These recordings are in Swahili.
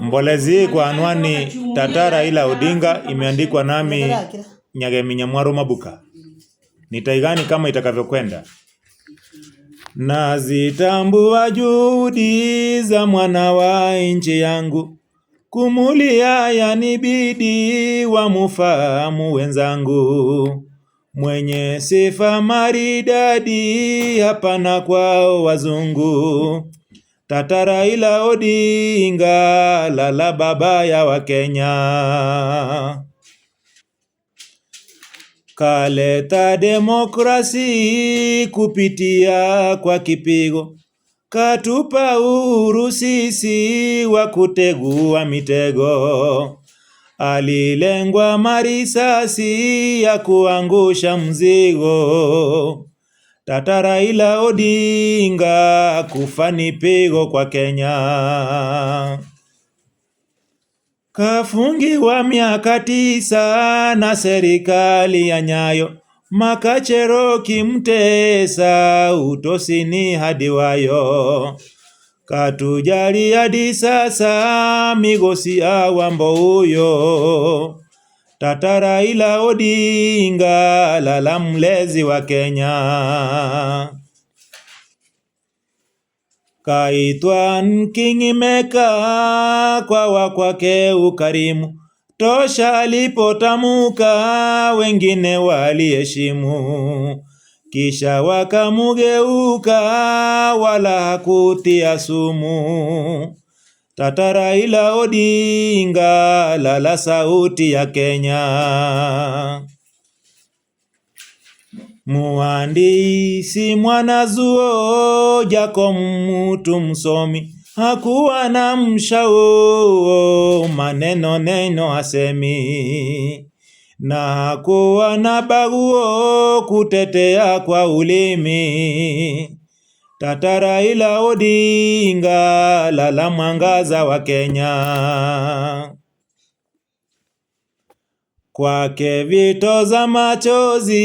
Mbolezi kwa anwani Tatara ila Odinga imeandikwa nami Nyagemi Mwaru Mabuka. Nitaigani kama itakavyokwenda. Nazitambua juhudi za mwana wa nchi yangu, kumulia yanibidi wamufahamu wenzangu, mwenye sifa maridadi hapana kwao wazungu Tata Raila Odinga, lala baba ya Wakenya, kaleta demokrasi kupitia kwa kipigo, katupa uhuru sisi wa kutegua mitego. Alilengwa marisasi ya kuangusha mzigo Tata Raila Odinga kufa ni pigo kwa Kenya. Kafungiwa miaka tisa na serikali ya Nyayo, Makachero kimtesa utosini hadi wayo. Katujali hadi sasa migosi awambo huyo Tata Raila Odinga, lala mlezi wa Kenya. Kaitwa nking'imeka kwa wakwa kwake ukarimu, tosha alipotamuka wengine waliheshimu. Kisha wakamugeuka wala kutia sumu. Tata Raila Odinga, lala sauti ya Kenya. Muhandisi mwanazuo, Jacob mtu msomi, hakuwa na mshao, maneno neno asemi, na hakuwa na baguo, kutetea kwa ulimi ila Odinga, lala mwangaza wa Kenya. Kwake vitoza machozi,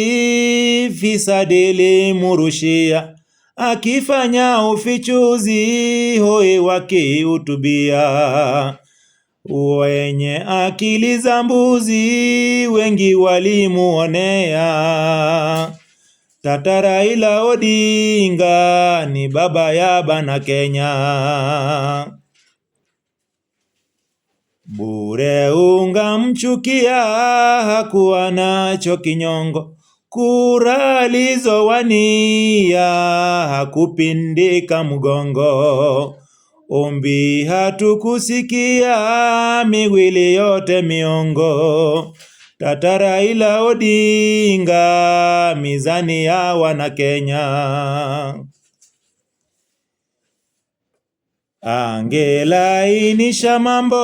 fisadili murushia, akifanya ufichuzi, hoi wakihutubia. Wenye akili za mbuzi, wengi walimuonea Tatara Raila Odinga ni baba ya bana Kenya, bure ungamchukia, hakuwa nacho kinyongo, kura alizowania hakupindika mgongo, ombi hatukusikia, miwili yote miongo Tatara ila Odinga, mizani ya Wanakenya angelainisha mambo,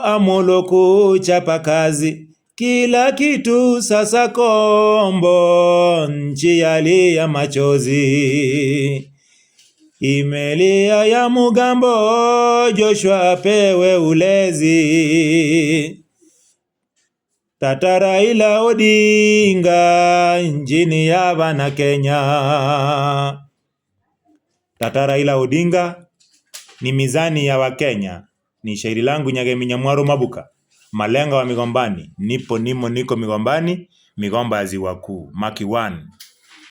Amolo kuchapa kazi kila kitu sasa kombo, nchi yalia machozi imelia ya mugambo, Joshua apewe ulezi Tata Raila Odinga injini ya bana Kenya. Tata Raila Odinga ni mizani ya Wakenya, ni shairi langu Nyageminya Mwaro Mabuka, malenga wa migombani. Nipo nimo niko migombani, migomba ya ziwa kuu maki one.